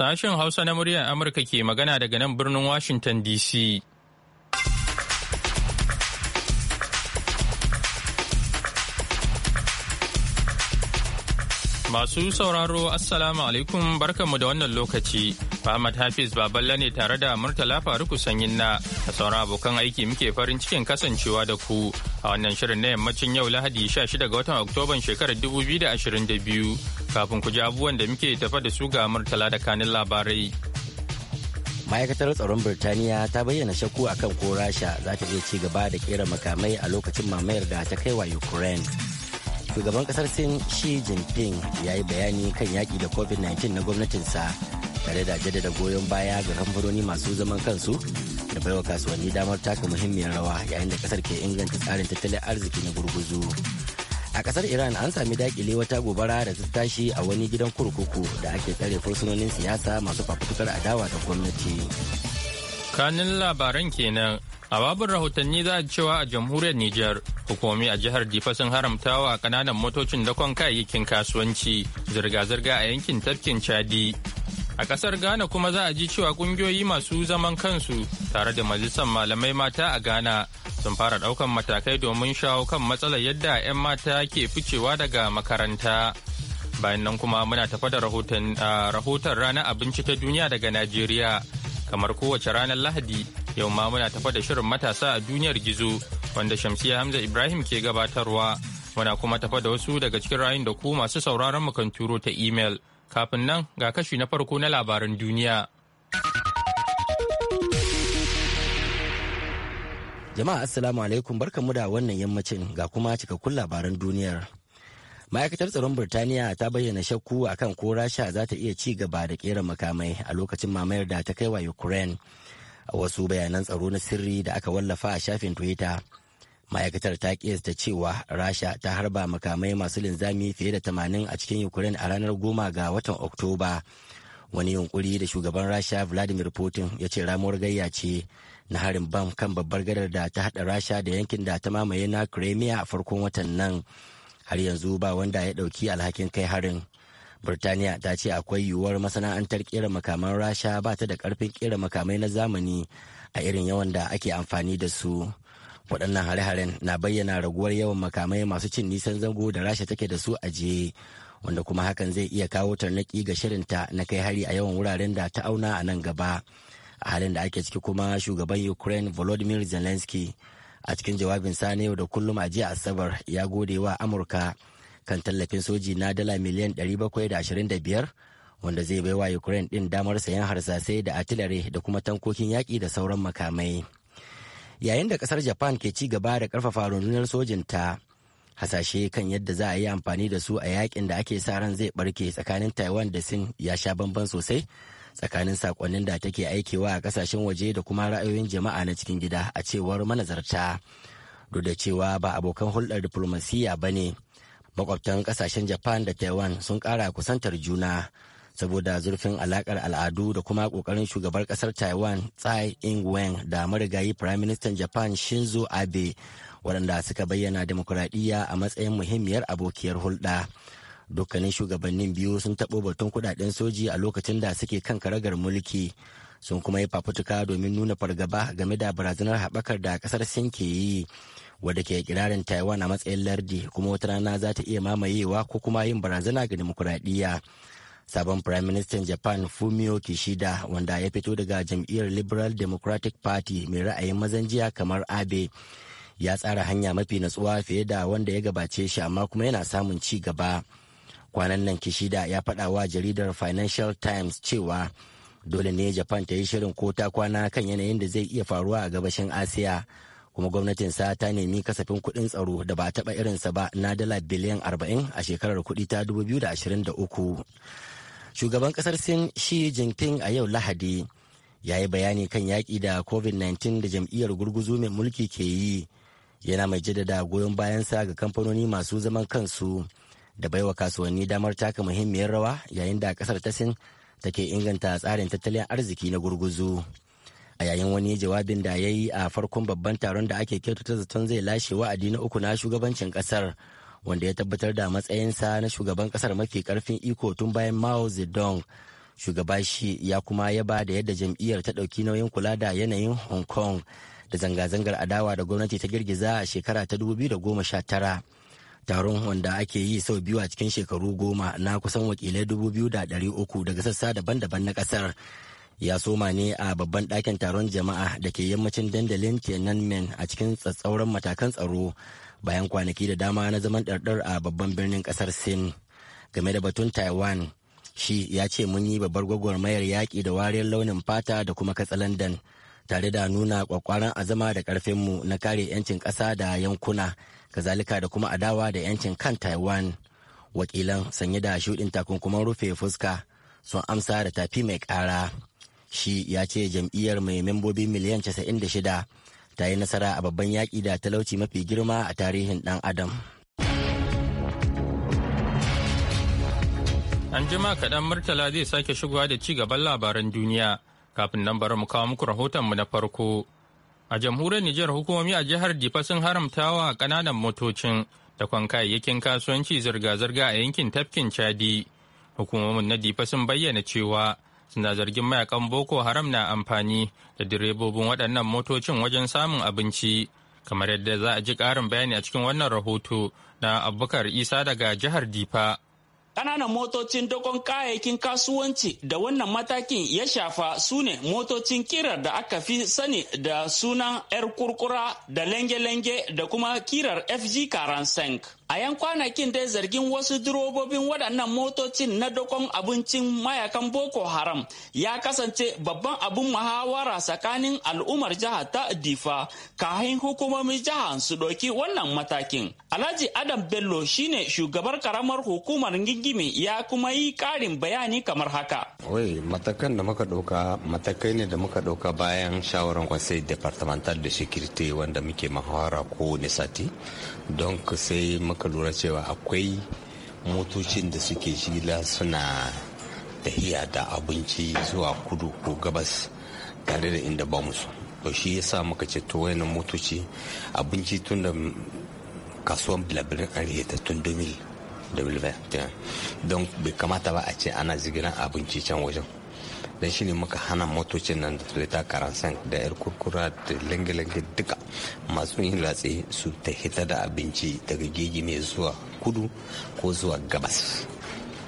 Sashen Hausa na muryar Amurka ke magana daga nan birnin Washington DC. Masu sauraro Assalamu alaikum barkanmu da wannan lokaci. Ahmad Hafiz Baballa ne tare da Murtala Faruku Sanyin na a sauran abokan aiki muke farin cikin kasancewa da ku a wannan shirin na yammacin yau lahadi 16 ga watan oktoban shekarar 2022 kafin ku ji abubuwan da muke tafa da su ga murtala da kanin labarai ma'aikatar tsaron birtaniya ta bayyana shakku akan ko rasha za ta iya ci gaba da kera makamai a lokacin mamayar da ta kai wa ukraine shugaban kasar sin shi jinping ya yi bayani kan yaƙi da covid-19 na gwamnatinsa tare da jaddada goyon baya ga kamfanoni masu zaman kansu da baiwa kasuwanni damar taka muhimmiyar rawa yayin da kasar ke inganta tsarin tattalin arziki na gurguzu a kasar iran an sami dakile wata gobara da ta tashi a wani gidan kurkuku da ake tsare fursunonin siyasa masu fafutukar adawa da gwamnati kanin labaran kenan a babin rahotanni za a cewa a jamhuriyar niger hukumi a jihar difa sun haramtawa kananan motocin dakon kayayyakin kasuwanci zirga-zirga a yankin tafkin chadi A kasar Ghana kuma za a ji cewa kungiyoyi masu zaman kansu tare da majalisar malamai mata a Ghana sun fara daukan matakai domin shawo kan matsalar yadda 'yan mata ke ficewa daga makaranta. Bayan nan kuma muna tafa da rahoton ranar abinci ta duniya daga Najeriya. Kamar kowace ranar Lahadi, yau ma muna tafa da shirin matasa a duniyar gizo wanda Shamsiya Hamza Ibrahim ke gabatarwa. Muna kuma tafa da wasu daga cikin rayun da ku masu sauraron mu kan turo ta imel. Kafin nan ga kashi na farko na labaran duniya. Jama'a Assalamu alaikum barkamu da wannan yammacin ga kuma cikakkun labaran duniyar. Ma'aikatar tsaron Birtaniya ta bayyana shakku akan ko Rasha za ta iya ci gaba da kera makamai a lokacin mamayar da ta kai wa Ukraine. A wasu bayanan tsaro na sirri da aka wallafa a shafin Twitter. ma'aikatar ta kiyasta cewa rasha ta harba makamai masu linzami fiye da tamanin a cikin ukraine a ranar goma ga watan oktoba wani yunkuri da shugaban rasha vladimir putin ya ce ramuwar gayya ce na harin bam kan babbar gadar da ta hada rasha da yankin da ta mamaye na crimea a farkon watan nan har yanzu ba wanda ya dauki alhakin kai harin Birtaniya ta ce akwai yiwuwar masana'antar kera makaman rasha ba ta da karfin kera makamai na zamani a irin yawan da ake amfani da su. waɗannan hare-haren na bayyana raguwar yawan makamai masu cin nisan zango da rasha take da su a jiye wanda kuma hakan zai iya kawo tarnaki ga shirinta na kai hari a yawan wuraren da ta auna a nan gaba a halin da ake ciki kuma shugaban ukraine volodymyr zelensky a cikin jawabin sa na yau da kullum a jiya asabar ya gode wa amurka kan tallafin soji na dala miliyan 725 wanda zai baiwa ukraine din damar sayan harsasai da atilare da kuma tankokin yaƙi da sauran makamai. yayin da kasar japan ke ci gaba da karfafa rundunar sojin ta hasashe kan yadda za a yi amfani da su a yakin da ake sa ran zai barke tsakanin taiwan da sin ya sha bamban sosai tsakanin sakonnin da take aikewa a kasashen waje da kuma ra'ayoyin jama'a na cikin gida a cewar manazarta duk da cewa ba abokan hulɗar diplomasiya ba ne makwabtan kasashen japan da taiwan sun ƙara kusantar juna saboda zurfin alakar al'adu da kuma kokarin shugabar kasar taiwan tsai ing-wen da marigayi prime minister japan shinzo abe waɗanda suka bayyana demokuraɗiyya a matsayin muhimmiyar abokiyar hulɗa dukkanin shugabannin biyu sun taɓo batun kudaden soji a lokacin da suke kan karagar mulki sun kuma yi fafutuka domin nuna fargaba game da barazanar haɓakar da ƙasar sin ke yi wadda ke kirarin taiwan a matsayin lardi kuma wata rana za ta iya mamayewa ko kuma yin barazana ga demokuraɗiyya sabon prime minister japan fumio kishida wanda ya fito daga jam'iyyar liberal democratic party mai ra'ayin mazan jiya kamar abe ya tsara hanya mafi natsuwa fiye da wanda ya gabace shi amma kuma yana samun ci gaba kwanan nan kishida ya faɗa wa jaridar financial times cewa dole ne japan ta yi shirin ko ta kwana kan yanayin da zai iya faruwa a gabashin asiya kuma gwamnatin gwamnatinsa ta nemi kasafin kuɗin tsaro da ba taɓa irinsa ba na dala biliyan 40 a shekarar kuɗi ta 2023 shugaban kasar sin shi jinping a yau lahadi ya yi bayani kan yaƙi da covid-19 da jam'iyyar gurguzu mai mulki ke yi yana mai jaddada goyon bayansa ga kamfanoni masu zaman kansu da baiwa kasuwanni damar taka muhimmiyar rawa yayin da kasar ta sin take inganta tsarin tattalin arziki na gurguzu a yayin wani jawabin da ya yi a farkon babban taron da ake kyautata zaton zai lashe wa'adi na uku na shugabancin kasar wanda ya tabbatar da matsayinsa na shugaban kasar mafi karfin iko tun bayan mao zedong shugaba shi ya kuma yaba da yadda jam'iyyar ta ɗauki nauyin kula da yanayin hong kong da zanga-zangar adawa da gwamnati ta girgiza a shekara ta 2019 taron wanda ake yi sau biyu a cikin shekaru goma na kusan wakilai uku daga sassa daban-daban na kasar ya soma ne a babban ɗakin taron jama'a da ke yammacin dandalin tiananmen a cikin tsatsauran matakan tsaro bayan kwanaki da dama na zaman ɗarɗar a babban birnin ƙasar sin game da batun taiwan shi ya ce mun yi babbar gwagwarmayar yaƙi da wariyar launin fata da kuma katsalandan tare da nuna kwakwaran azama da ƙarfinmu na kare 'yancin ƙasa da yankuna kazalika da kuma adawa da 'yancin kan taiwan wakilan sanye da shuɗin takunkuman rufe fuska sun amsa da tafi mai ƙara shi ya ce jam'iyyar mai membobi miliyan 96 ta yi nasara a babban yaƙi da talauci mafi girma a tarihin ɗan adam. An jima kaɗan Murtala zai sake shigowa da ci gaban labaran duniya kafin nan bari mu kawo muku rahotonmu na farko. A jamhuriyar Nijar hukumomi a jihar Difa sun haramtawa wa ƙananan motocin da kwan kayayyakin kasuwanci zirga-zirga a yankin tafkin Chadi. Hukumomin na Difa sun bayyana cewa suna zargin mayakan boko haram na amfani da direbobin waɗannan motocin wajen samun abinci kamar yadda za a ji ƙarin bayani a cikin wannan rahoto na abubakar isa daga jihar difa Ƙananan motocin dogon kayayyakin kasuwanci da wannan matakin ya shafa su ne motocin kirar da aka fi sani da sunan 'yar kurkura da lenge-lenge da kuma kirar FG sank. A yan kwanakin dai zargin wasu durobobin waɗannan motocin na dokon abincin mayakan Boko Haram ya kasance babban abin muhawara tsakanin al'ummar jihar ta Difa kahin hukumomin jihar su ɗauki wannan matakin. Alhaji Adam Bello shine shugabar karamar hukumar gingimi ya kuma yi ƙarin bayani kamar haka. Wai matakan da muka ɗauka matakai ne da muka ɗauka bayan shawarar kwasai Departmental da Sécurité wanda muke muhawara ne sati don sai muka lura cewa akwai motocin da suke shiga suna tahiya da abinci zuwa kudu ko gabas tare da inda ba su to shi yasa muka ce to wayannan motoci abinci tun da kasuwan bilabirin an ta tun 2021 don bai kamata ba a ce ana zigiran abinci can wajen don shine muka hana motocin nan da ta karansan da yar kurkura da lengelenge duka masu yin latsi su ta hita da abinci daga gigi ne zuwa kudu ko zuwa gabas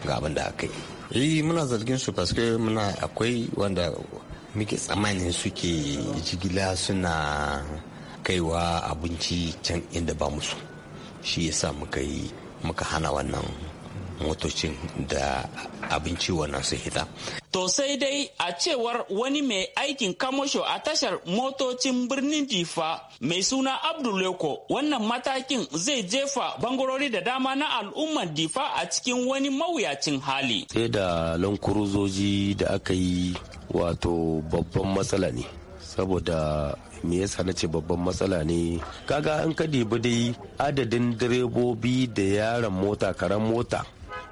ga abin da aka yi eh muna zargin su paske muna akwai wanda muke tsamanin suke jigila suna kaiwa abinci can inda ba musu shi yasa muka yi muka hana wannan motocin da abinci wannan su hita. To sai dai a cewar wani mai aikin kamosho a tashar motocin birnin Difa mai suna Abduleko wannan matakin zai jefa bangarori da dama na al'ummar Difa a cikin wani mawuyacin hali. Sai da lankuruzoji da aka yi wato babban matsala ne saboda me yasa na ce babban matsala ne kaga an ka dai adadin direbobi da yaran mota karan mota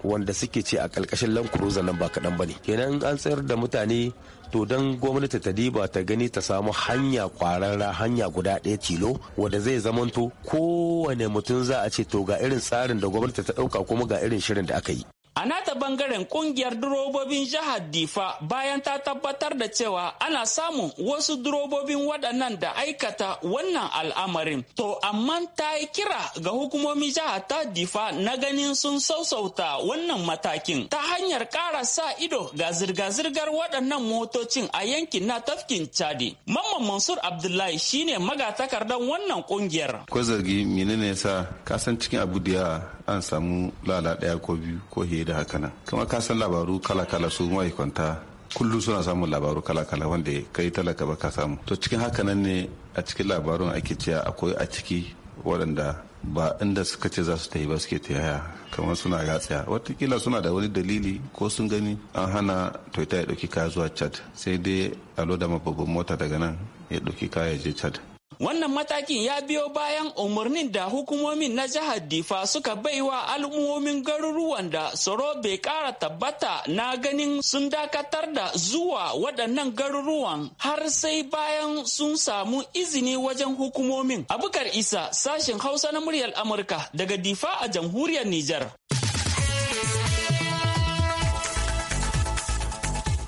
wanda suke ce a ƙarƙashin lankuruza nan ba kaɗan ba ne kenan an tsayar da mutane to don gwamnati ta diba ta gani ta samu hanya kwararra hanya guda ɗaya tilo wanda zai zamanto kowane mutum za a ce to ga irin tsarin da gwamnati ta ɗauka kuma ga irin shirin da aka yi A nata bangaren kungiyar durobobin jihar Difa bayan ta tabbatar da cewa ana samun wasu durobobin waɗannan da aikata wannan al'amarin. To amma ta yi kira ga hukumomi jihar ta Difa na ganin sun sausauta wannan matakin ta hanyar ƙara sa ido ga zirga-zirgar waɗannan motocin a yankin na tafkin Chadi. Mamman Mansur Abdullahi shine magatakardan wannan kungiyar. Ko zargi menene yasa ka san cikin abu da an samu lala ɗaya ko biyu ko fiye da haka nan kuma ka san labaru kala-kala su ma'aikanta kullum suna samun labaru kala-kala wanda ya kai talaka ba ka samu to cikin haka nan ne a cikin labarun ake cewa akwai a ciki waɗanda ba inda suka ce za su ta yi ba suke ta yaya kamar suna gatsaya watakila suna da wani dalili ko sun gani an hana toyota ya ɗauki kaya zuwa chad sai dai a loda mababban mota daga nan ya ɗauki kaya je chad Wannan matakin ya biyo bayan umarnin da hukumomin na jihar Difa suka baiwa al'ummomin garuruwan da tsaro bai kara tabbata na ganin sun dakatar da zuwa waɗannan garuruwan har sai bayan sun samu izini wajen hukumomin. Abukar Isa sashen Hausa na muryar Amurka daga Difa a jamhuriyar Nijar.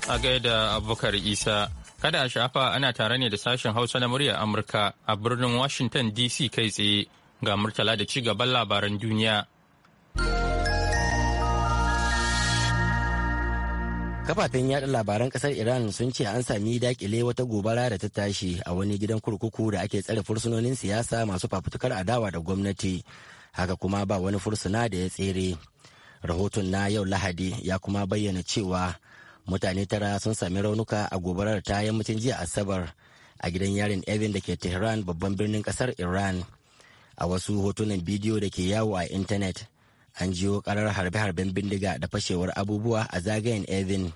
A gaida Abubakar Isa Kada a shafa ana tare ne da sashen Hausa na muryar Amurka a birnin Washington DC kai tsaye ga Murtala da ci gaban labaran duniya. Kafafen yada labaran kasar Iran sun ce an sami dakile wata gobara da ta tashi a wani gidan kurkuku da ake tsare fursunonin siyasa masu fafutukar adawa da gwamnati. Haka kuma ba wani fursuna da ya tsere. Rahoton na yau Lahadi ya kuma bayyana cewa mutane tara sun sami raunuka a gobarar ta yammacin jiya asabar a gidan yarin evin da ke tehran babban birnin kasar iran a wasu hotunan bidiyo da ke yawo a intanet an jiyo karar harbe-harben bindiga da fashewar abubuwa a zagayen evin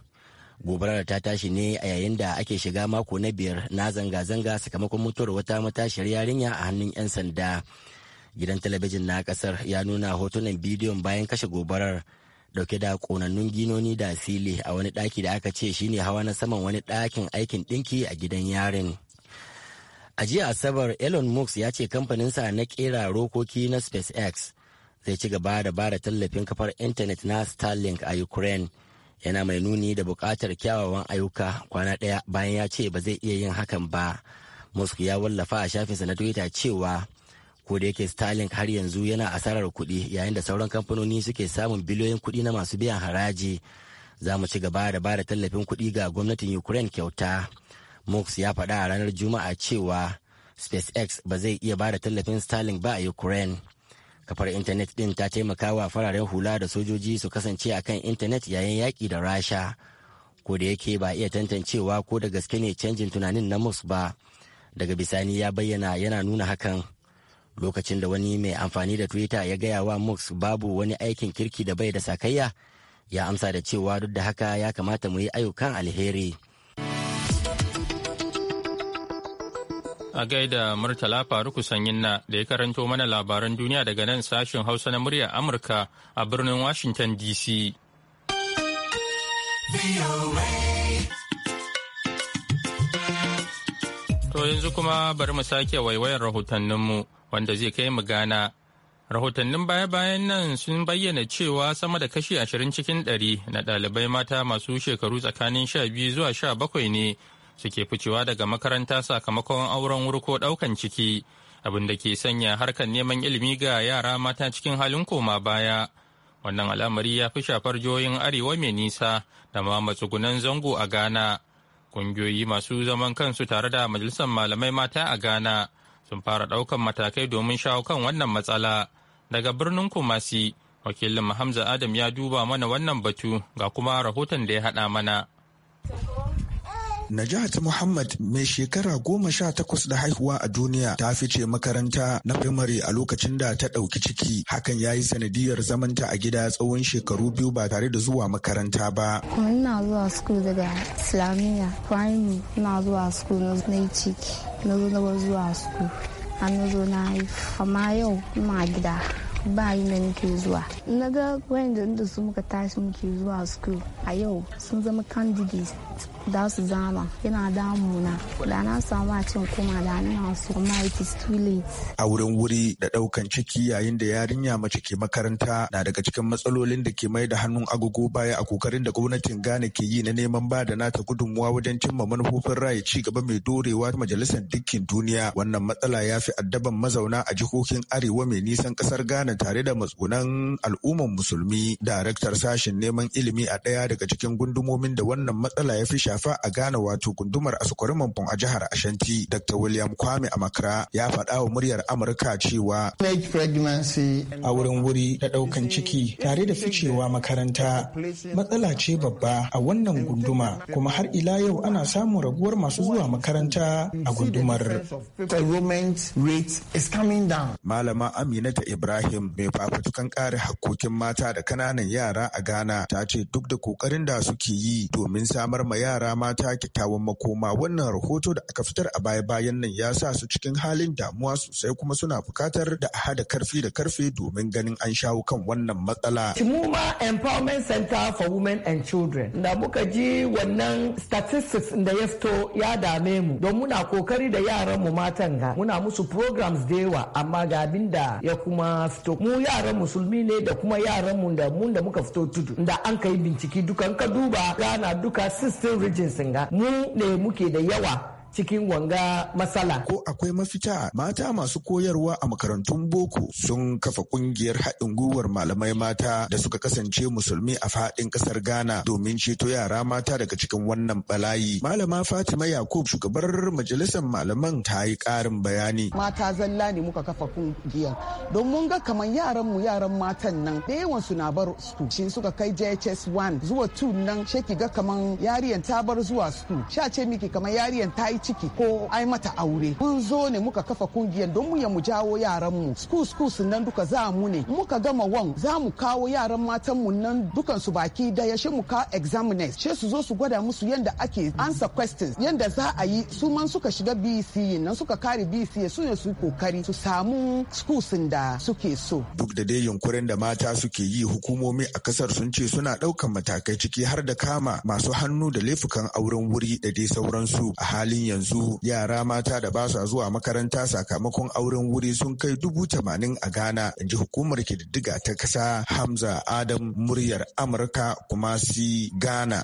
gobarar ta tashi ne a yayin da ake shiga mako na biyar na zanga-zanga sakamakon mutuwar wata matashiyar yarinya a hannun 'yan sanda gidan talabijin na kasar ya nuna hotunan bidiyon bayan kashe gobarar dauke da konannun ginoni da asili a wani daki da aka ce shine hawa na saman wani dakin aikin dinki a gidan yarin a jiya asabar elon musk ya ce kamfaninsa na kera rokoki na spacex zai ci gaba da bada tallafin kafar intanet na starlink a ukraine yana mai nuni da bukatar kyawawan ayyuka kwana ɗaya bayan ya ce ba zai iya yin hakan ba musk ya wallafa a shafinsa na twitter cewa ko da yake starlink har yanzu yana asarar kuɗi yayin da sauran kamfanoni suke samun biliyoyin kuɗi na masu biyan haraji za mu ci gaba da bada tallafin kuɗi ga gwamnatin ukraine kyauta mox ya faɗa a ranar juma'a cewa spacex ba zai iya bada tallafin starlink ba a ukraine kafar intanet ɗin ta taimaka wa fararen hula da sojoji su kasance a kan intanet yayin yaƙi da rasha ko da yake ba iya tantancewa ko da gaske ne canjin tunanin na mox ba daga bisani ya bayyana yana nuna hakan lokacin da wani mai amfani da twitter ya gaya wa musk babu wani aikin kirki da bai da sakayya ya amsa da cewa duk da haka ya kamata mu yi ayyukan alheri a gaida murtala faruku sanyin na da ya karanto mana labaran duniya daga nan sashen hausa na murya amurka a birnin washington dc To yanzu kuma bari mu sake waiwayar rahotanninmu. wanda zai kai mu gana Rahotannin baya-bayan nan sun bayyana cewa sama da kashi ashirin cikin ɗari na ɗalibai mata masu shekaru tsakanin sha biyu zuwa sha bakwai ne suke ficewa daga makaranta sakamakon auren wuri ko ɗaukan ciki, abin da ke sanya harkar neman ilimi ga yara mata cikin halin koma baya. Wannan al'amari ya fi shafar jihohin arewa mai nisa da ma matsugunan zango a Ghana. Ƙungiyoyi masu zaman kansu tare da majalisar malamai mata a Ghana sun fara ɗaukan matakai domin shawo kan wannan matsala daga birnin kumasi wakilin hamza adam ya duba mana wannan batu ga kuma rahoton da ya haɗa mana. Najat Muhammad mai shekara goma sha takwas da haihuwa a duniya ta fice makaranta na firmare a lokacin da ta ɗauki ciki hakan ya yi sanadiyar zamanta a gida tsawon shekaru biyu ba tare da zuwa makaranta ba. Ina zuwa school daga Islamiyya primary ina zuwa school na yi ciki na zo zuwa school an zo na yi. amma yau ma gida. ba yi na nake zuwa na ga wayan da su muka tashi muke zuwa school a yau sun zama candidates da su zama yana damuna da na samu a cin kuma da na su kuma it is too late a wurin wuri da daukan ciki yayin da yarinya mace ke makaranta na daga cikin matsalolin da ke mai da hannun agogo baya a kokarin da gwamnatin Ghana ke yi na neman ba da nata gudunmuwa wajen cimma manufofin raye ci gaba mai dorewa ta majalisar dukkin duniya wannan matsala ya fi addaban mazauna a jihohin arewa mai nisan kasar Ghana tare da matsunan al'umman musulmi daraktar sashen neman ilimi a ɗaya daga cikin gundumomin da wannan matsala ya fi shafa fa a Ghana wato gundumar Asukwarin a jihar Ashanti Dr. William Kwame Amakra ya faɗa wa muryar Amurka cewa a wurin wuri da ɗaukan ciki tare da ficewa makaranta matsala ce babba a wannan gunduma kuma har ila yau ana samun raguwar masu zuwa makaranta a gundumar. Malama Aminata Ibrahim mai fafutukan kare hakkokin mata da kananan yara a Ghana ta ce duk da ƙoƙarin da suke yi domin samar ma yara yara mata kyakkyawan makoma wannan rahoto da aka fitar a baya-bayan nan ya sa su cikin halin damuwa sosai kuma suna bukatar da a hada karfi da karfe domin ganin an shawo kan wannan matsala. Timuma Empowerment Center for Women and Children da muka ji wannan statistics da ya fito ya dame mu don muna kokari da yaran mu matan ga muna musu programs da yawa amma ga abin da ya kuma fito mu yaran musulmi ne da kuma yaran mu da mun da muka fito tudu da an kai bincike dukan ka duba gana duka system mutuncin singa mu ne muke da yawa cikin wanga matsala. Ko akwai mafita mata masu koyarwa a makarantun boko sun kafa kungiyar haɗin gwiwar malamai mata da suka kasance musulmi a faɗin ƙasar Ghana domin ceto yara mata daga cikin wannan balayi Malama Fatima Yakub shugabar majalisar malaman ta yi ƙarin bayani. Mata zalla ne muka kafa kungiyar don mun ga kamar yaran mu yaran matan nan da yawan su na bar su shi suka kai JHS 1 zuwa 2 nan sheki ga kamar yariyan ta bar zuwa su sha ce miki kamar yariyan ta yi yi ciki ko ai mata aure mun zo ne muka kafa kungiyar don mu ya mu jawo yaran mu school schools nan duka za mu ne muka gama wan za mu kawo yaran matan mu nan dukan su baki daya shi mu ka examiners she su zo su gwada musu yanda ake answer questions yanda za a yi su man suka shiga BC e nan suka kare BC e, su ne su kokari su samu schools da suke so duk da dai yunkurin da mata suke yi hukumomi a kasar sun ce suna daukan matakai ciki har da kama masu hannu da laifukan auren wuri da dai sauransu a halin yanzu yara mata da ba sa zuwa makaranta sakamakon auren wuri sun kai dubu tamanin a Ghana in hukumar kididdiga ta kasa Hamza Adam muryar Amurka kuma si Ghana.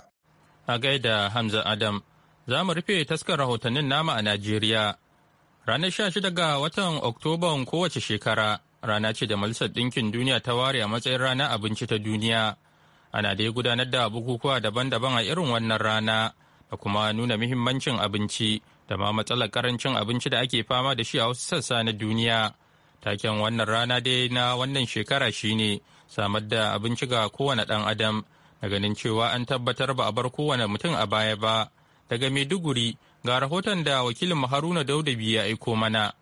A gaida Hamza Adam, za mu rufe taskar rahotannin nama a Najeriya. Ranar 16 ga watan Oktoban kowace shekara rana ce da Majalisar Ɗinkin Duniya ta ware a matsayin rana abinci ta duniya. Ana dai gudanar da bukukuwa daban-daban a irin wannan rana a kuma nuna muhimmancin abinci da ma matsalar karancin abinci da ake fama da shi a wasu sassa na duniya. Taken wannan rana dai na wannan shekara shine samar da abinci ga kowane ɗan adam da ganin cewa an tabbatar ba a bar kowane mutum a baya ba. Daga Maiduguri ga rahoton da wakilin Haruna Daudabi ya aiko mana.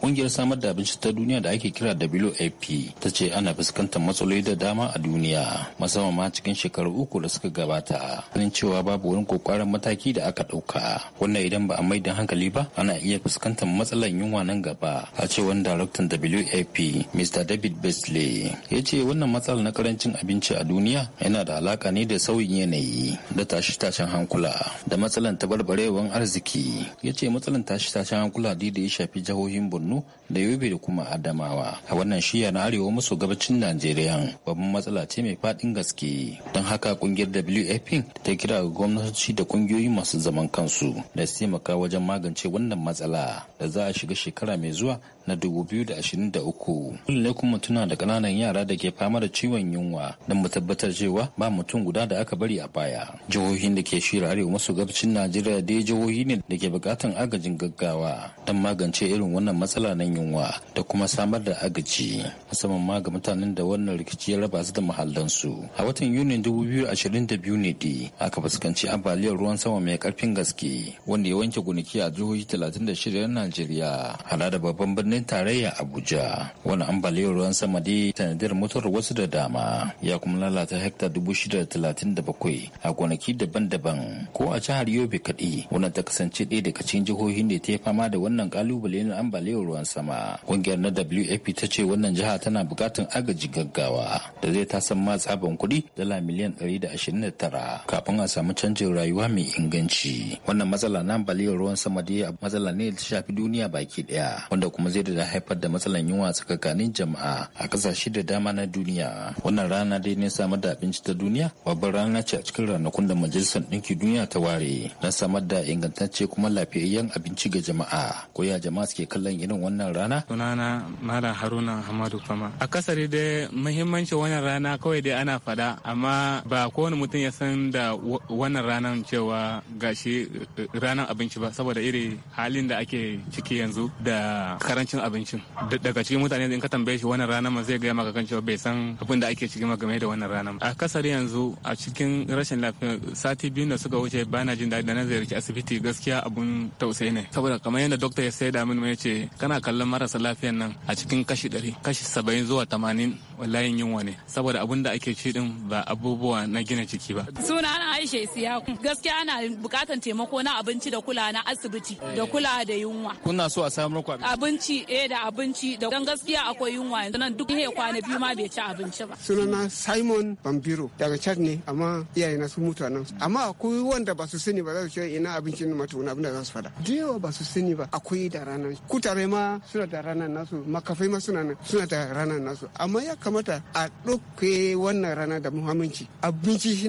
Ƙungiyar samar da abinci ta duniya da ake kira WFP ta ce ana fuskantar matsaloli da dama a duniya musamman ma cikin shekaru uku da suka gabata. Ganin cewa babu wani kokwaran mataki da aka ɗauka. Wannan idan ba a mai da hankali ba ana iya fuskantar matsalar yunwa nan gaba. A ce wani daraktan WFP Mr. David Beasley ya ce wannan matsalar na karancin abinci a duniya yana da alaka ne da sauyin yanayi da tashi-tashin hankula da matsalar tabarbarewan arziki. Ya ce matsalar tashi-tashin hankula da ya shafi jihohin Borno Kano da yobe da kuma adamawa a wannan shiya na arewa maso gabacin najeriya babban matsala ce mai faɗin gaske don haka kungiyar wfp ta kira ga gwamnatoci da kungiyoyi masu zaman kansu da su taimaka wajen magance wannan matsala da za a shiga shekara mai zuwa na 2023. Kullum kuma tuna da kananan yara da ke fama da ciwon yunwa don mu tabbatar cewa ba mutum guda da aka bari a baya. Jihohin da ke shira arewa maso gabacin Najeriya dai jihohi ne da ke bukatan agajin gaggawa don magance irin wannan matsala na yunwa da kuma samar da agaji musamman ma ga mutanen da wannan rikici ya raba su da muhallansu. A watan Yunin 2022 ne dai aka fuskanci ambaliyar ruwan sama mai karfin gaske wanda ya wanke gonaki a jihohi 36 na Najeriya. Hada da babban birnin birnin tarayya Abuja. Wani ambaliyar ruwan sama da sanadiyar mutuwar wasu da dama ya kuma lalata hekta dubu shida da talatin da bakwai a gonaki daban-daban ko a jihar Yobe kaɗai wanda ta kasance ɗaya daga cikin jihohin da ta yi fama da wannan kalubale na ambaliyar ruwan sama. Ƙungiyar na WAP ta ce wannan jiha tana buƙatar agaji gaggawa da zai tasan ma tsaban kuɗi dala miliyan ɗari da ashirin da tara kafin a samu canjin rayuwa mai inganci. Wannan matsala na ambaliyar ruwan sama dai matsala ne da ta shafi duniya baki ɗaya wanda kuma zai daidai da haifar da matsalan yunwa tsakanin jama'a a kasashe da dama na duniya wannan rana dai ne samar da abinci ta duniya babbar rana ce a cikin ranakun da majalisar ɗinki duniya ta ware na samar da ingantacce kuma lafiyayyen abinci ga jama'a ko ya jama'a suke kallon irin wannan rana sunana malam haruna hamadu a kasari dai muhimmancin wannan rana kawai dai ana fada amma ba kowane mutum ya san da wannan ranar cewa gashi eh, ranar abinci ba saboda irin halin da ake ciki yanzu da karanci cin abincin daga cikin mutane in ka tambaye shi wannan ranar ma zai gaya maka kan cewa bai san abin da ake cikin game da wannan ranar a kasar yanzu a cikin rashin lafiya sati biyu da suka wuce bana jin daɗi da na ziyarci asibiti gaskiya abun tausayi ne saboda kamar yadda dokta ya sai da min ya ce kana kallon marasa lafiyan nan a cikin kashi ɗari kashi saba'in zuwa tamanin wallahi yunwa ne saboda abun da ake ci din ba abubuwa na gina jiki ba suna na aisha siya gaskiya ana bukatan taimako na abinci da kula na asibiti da kula da yunwa kuna so a samu abinci E ɗaya da abinci da don gaskiya akwai yunwa yanzu nan duk ya kwana biyu ma bai ci abinci ba. Sunana Simon Bambiro daga Chad ne amma na sun mutu a nan. Amma akwai wanda ba su sani ba za su ce ina abincin ma tukuna abin da za su fada. Da yawa ba su sani ba akwai da ranar kutare ma suna da ranar nasu makafai ma suna nan suna da ranar nasu amma ya kamata a ɗauke wannan rana da muhammanci abinci shi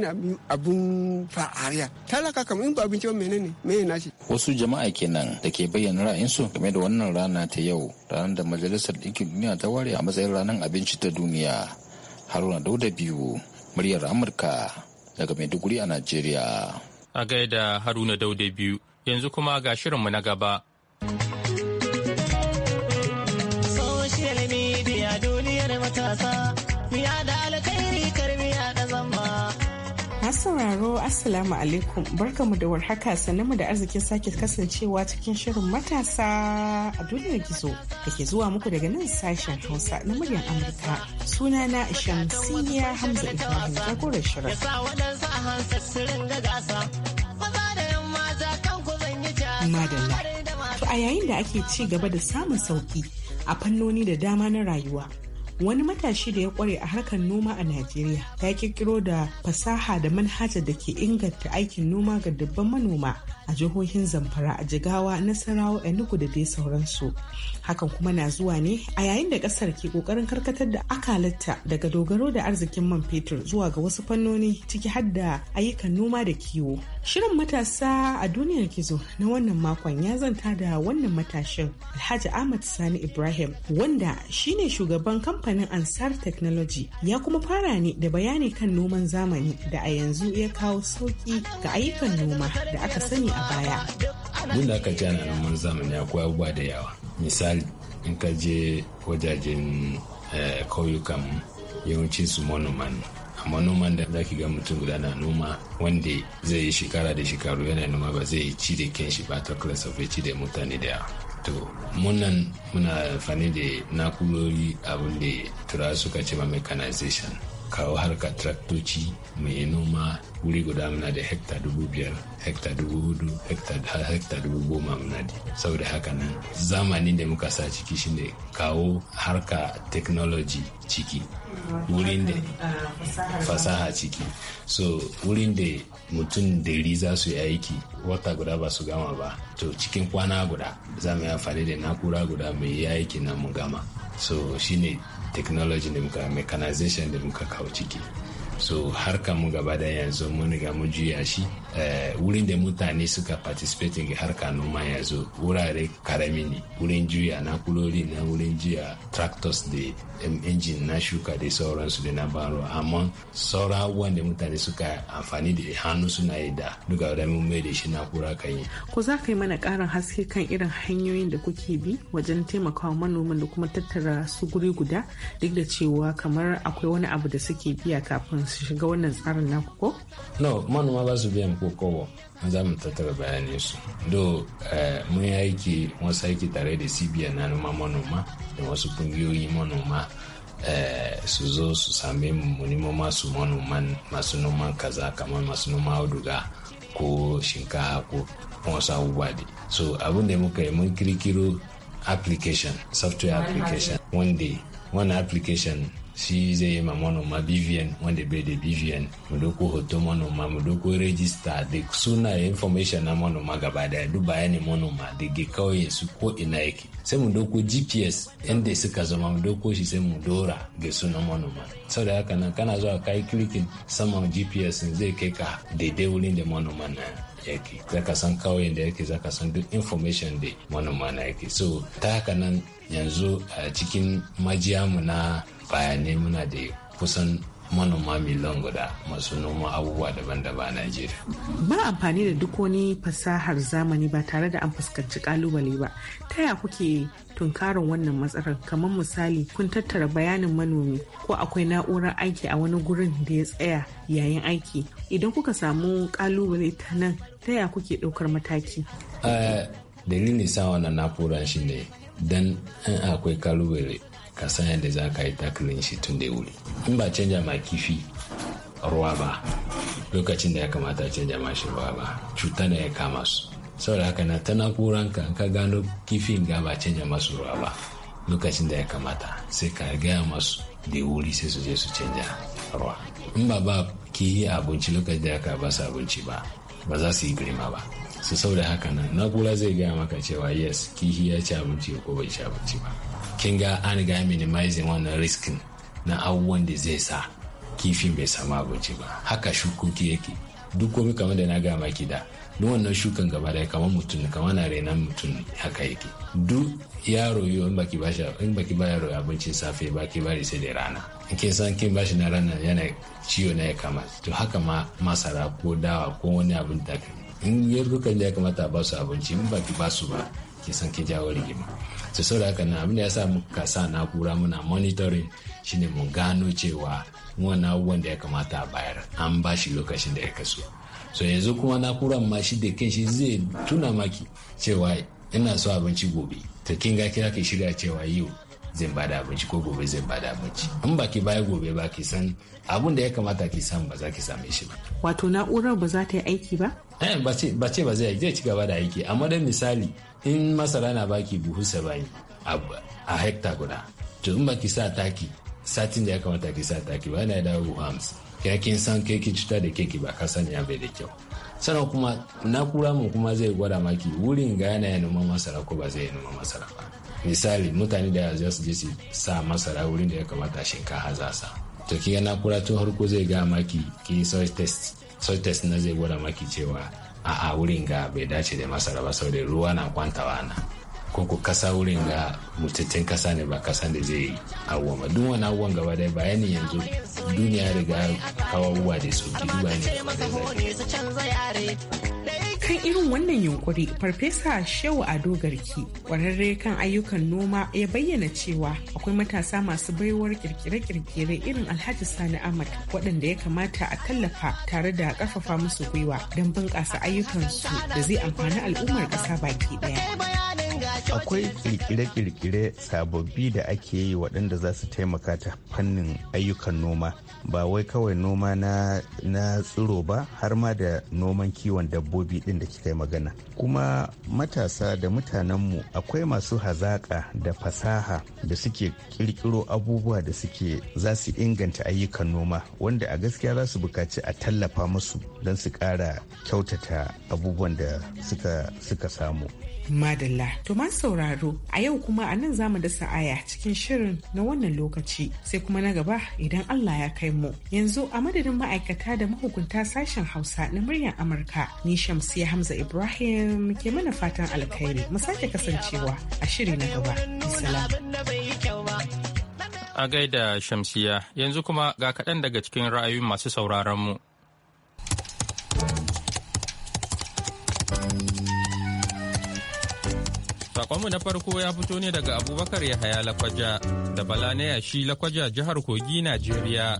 abin fa'ariya talaka kamar in ba abinci ba menene me nashi. Wasu jama'a kenan da ke bayyana ra'ayinsu game da wannan rana ta yau yau ranar da majalisar ɗinkin duniya ta ware a matsayin ranar abinci ta duniya haruna dau da biyu muryar amurka daga maiduguri a najeriya a gaida haruna dauda biyu yanzu kuma ga shirinmu na gaba. Masu sauraro Assalamu alaikum barkamu da warhaka sanamu da arzikin sake kasancewa cikin shirin matasa a duniyar gizo da ke zuwa muku daga nan sashen Hausa na muryar Amurka. suna Sunana Shamsiyya Hamza Ibrahim jagorar shirin. Madalla. To a yayin da ake ci gaba da samun sauki a fannoni da dama na rayuwa. wani matashi da ya kware a harkar noma a najeriya ya kirkiro da fasaha da manhaja da ke inganta aikin noma ga dubban manoma a jihohin zamfara a jigawa nasarawa enugu da dai sauransu hakan kuma na zuwa ne a yayin da kasar ke kokarin karkatar da akalarta daga dogaro da arzikin man fetur zuwa ga wasu fannoni ciki har da ayyukan noma da kiwo shirin matasa a duniyar kizo na wannan makon ya zanta da wannan matashin alhaji ahmad sani ibrahim wanda shine shugaban kamfanin ansar technology ya kuma fara ne da bayani kan noman zamani da a yanzu ya kawo sauki ga ayyukan noma da aka sani a baya. Duk da aka ce ana noman zamani akwai abubuwa da yawa. Misali, in ka je wajajen eh, kauyukan yawanci su manoma ne. Amma da zaki ga mutum guda na noma wanda zai yi shekara da shekaru yana noma ba zai yi ci da kyan shi ba ta kula bai ci da mutane da yawa. To, munan muna amfani da kuloli abin da tura suka ce ma mechanization. kawo harka traktoci mai noma wuri guda muna da hekta dubu biyar hekta dubu hudu hekta dubu goma muna da saboda haka nan zamanin da muka sa ciki shine kawo harka technology ciki wurin da fasaha ciki so wurin da mutum dari za su yi aiki wata guda ba su gama ba to cikin kwana guda za mu yi amfani da nakura guda mai aiki na mu gama so shine technology da muka mechanization da muka kawo ciki so har mu gaba da yanzu mun riga mun juya shi eh, wurin da mutane suka participate ga harka noma yanzu wurare karami ne wurin juya na kulori na wurin juya tractors da engine na shuka da sauransu da na baro amma saura wanda mutane suka amfani da hannu suna yi da duka da mun mai da shi na kura kan yi ko za ka yi mana karin haske kan irin hanyoyin da kuke bi wajen taimakawa manoman da kuma tattara su guri guda duk da cewa kamar akwai wani abu da suke biya kafin su shiga wannan tsarin na ko? no manoma ba su biyan ko kowa za mu tattara bayanin su do eh, mun yi aiki wasu aiki tare da cbn na noma manoma da wasu kungiyoyi manoma eh, su zo su same mu nemo masu manoman masu noman kaza kamar masu noman auduga ko shinkafa ko wasu abubuwa dai so abin da muka yi mun kirkiro application software application wanda wannan application shi zai yi ma manoma bvn de bai da bvn mu dauko hoto manoma mu dauko rejista da suna information na manoma gaba daya duk bayanin manoma daga kauye su ko ina e yake sai mu dauko gps inda suka zama mu dauko shi sai mu dora ga sunan manoma saboda haka nan kana zuwa kai klikin sama gps zai kai ka daidai wurin da ma na yake zaka san kauyen da yake zaka san duk information da manoma na yake so ta haka nan yanzu a cikin majiyamu na bayanai muna da kusan manoma miliyan guda masu noma abubuwa daban-daban a Najeriya. Ba amfani da duk wani fasahar zamani ba tare da an fuskanci kalubale ba. Ta ya kuke tunkarin wannan matsalar kamar misali kun tattara bayanin manomi ko akwai na'urar aiki a wani gurin da ya tsaya yayin aiki. Idan kuka samu kalubale ta nan ta ya kuke ɗaukar mataki? Eh, dalilin sa wannan na'urar shi ne dan in akwai kalubale ka san yadda za ka yi takalin shi tun da wuri in ba canja ma kifi ruwa ba lokacin da ya kamata canja ma shi ruwa ba cuta na ya kama su saboda haka na ta na'uranka ka gano kifin ga ba canja masu ruwa ba lokacin da ya kamata sai ka gaya masu da wuri sai su je su canja ruwa in ba ba yi abinci lokacin da ya ka basu abinci ba ba za su yi girma ba su sau da haka nan na'ura zai gaya maka cewa yes kihi ya ci abinci ko bai ci abinci ba kin ga an riga minimizing wannan riskin na abubuwan da zai sa kifin bai samu abinci ba haka shukoki yake duk komai kamar da na gama gida duk wannan shukan gaba da kamar mutum kamar na renan mutum haka yake duk yaro yi in baki bashi in baki ba yaro abincin safe baki bari sai da rana in kin san kin bashi na rana yana ciwo na ya kama to haka ma masara ko dawa ko wani abin da in yardukan da ya kamata ba su abinci in baki ba su ba ki san ki jawo rigima so saboda haka na abin da ya sa muka sa na'ura muna monitoring shine mu gano cewa wani abubuwan da ya kamata a bayar an ba shi lokacin da ya kaso so yanzu kuma na'uran ma shi da shi zai tuna maki cewa ina so abinci gobe to kin kira ki shirya cewa yau zai bada abinci ko gobe zai bada abinci in baki baya gobe ba ki san abun da ya kamata ki samu ba za ki same shi ba wato na'urar ba za ta yi aiki ba eh ba ce ba zai zai ci gaba da aiki amma dai misali in masara na baki buhu 70 a hekta guda to in baki sa taki satin da ya kamata ki sa taki ba yana da buhu 50 ya kin san ke kin cuta da keki ba ka sani ya da kyau sannan kuma na kura mu kuma zai gwada maki wurin ga yanayin masara ko ba zai yi noma masara ba misali mutane da za su je su sa masara wurin da ya kamata shinkafa za sa to kiga kura tun harko zai ga maki ki soy test soy test na zai gwada maki cewa a a wurin ga bai dace da masara ba saboda ruwa na kwantawa na ko ku kasa wurin ga mutattun kasa ne ba kasan da zai abuwa ba duk wani abuwan gaba dai bayani yanzu duniya riga kawo uwa da su ki duba ne kan irin wannan yunkuri farfesa shehu ado garki kwararre kan ayyukan noma ya bayyana cewa akwai matasa masu baiwar kirkire-kirkire irin alhaji sani ahmad waɗanda ya kamata a tallafa tare da ƙarfafa musu gwiwa don bunƙasa ayyukansu da zai amfani al'ummar ƙasa baki ɗaya. akwai kirkire-kirkire sababbi da ake yi waɗanda za su taimaka ta fannin ayyukan noma ba wai kawai noma na tsiro ba har ma da noman kiwon dabbobi ɗin da kika yi magana kuma matasa da mutanenmu akwai masu hazaƙa da fasaha da suke ƙirƙiro abubuwa da suke za su inganta ayyukan noma wanda a gaskiya za su buƙaci a tallafa musu don su ƙara kyautata abubuwan da suka samu madalla To ma sauraro a yau kuma a nan zamu dasa aya cikin shirin na wannan lokaci sai kuma na gaba idan Allah ya kai mu. Yanzu a madadin ma'aikata da mahukunta sashen Hausa na muryar Amurka ni Shamsiya Hamza Ibrahim ke mana fatan alkhairi mu sake kasancewa a shiri na gaba. A gaida Shamsiya yanzu kuma ga kaɗan daga cikin ra'ayoyin masu sauraron mu. Sakonmu na farko ya fito ne daga Abubakar Yahaya Lakwaja da Bala na yashi Lakwaja jihar Kogi, Najeriya.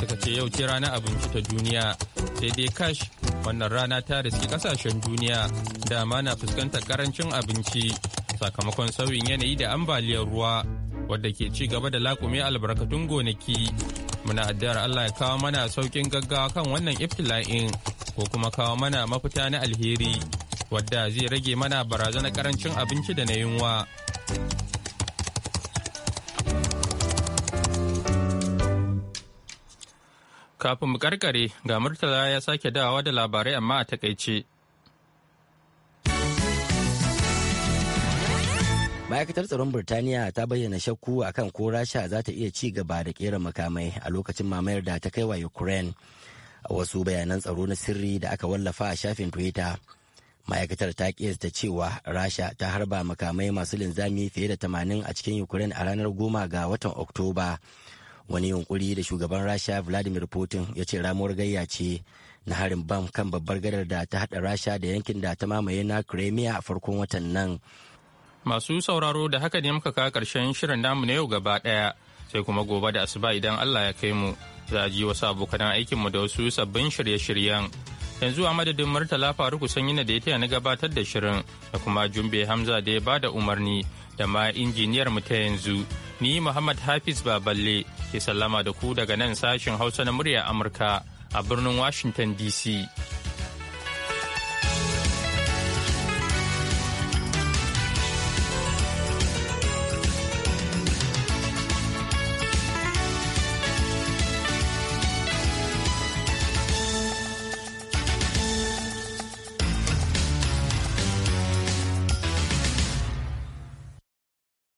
Suka ce yau ce rana abinci ta duniya. Sai dai kash wannan rana ta riski kasashen duniya dama na fuskantar karancin abinci sakamakon sauyin yanayi da ambaliyar ruwa wadda ke ci gaba da lakume albarkatun gonaki. Muna addu'ar Allah ya kawo mana saukin gaggawa kan wannan iftila'in ko kuma kawo mana mafita na alheri. wadda zai rage mana barazanar karancin abinci da na yunwa. Kafin mu karkare ga Murtala ya sake dawowa da labarai amma a takaice. ma'aikatar tsaron burtaniya ta bayyana shakku a kan ko rasha za ta iya ci gaba da kera makamai a lokacin mamayar da ta kai wa ukraine a wasu bayanan tsaro na sirri da aka wallafa a shafin twitter ma'aikatar ta kiyasta cewa rasha ta harba makamai masu linzami fiye da tamanin a cikin ukraine a ranar goma ga watan oktoba wani yunkuri da shugaban rasha vladimir putin ya ce ramuwar gayya ce na harin bam kan babbar gadar da ta hada rasha da yankin da ta mamaye na crimea a farkon watan nan masu sauraro da haka ne muka kawo karshen shirin namu na yau gaba daya sai kuma gobe da asuba idan allah ya kai mu za a ji wasu abokan aikinmu da wasu sabbin shirye-shiryen yanzu a madadin Murtala Faruku na da ya taya na gabatar da shirin da kuma Jumbe Hamza da ya bada umarni da ma injiniyar mu ta yanzu. Ni Muhammad Hafiz Baballe ke sallama da ku daga nan sashen Hausa na murya Amurka a birnin Washington DC.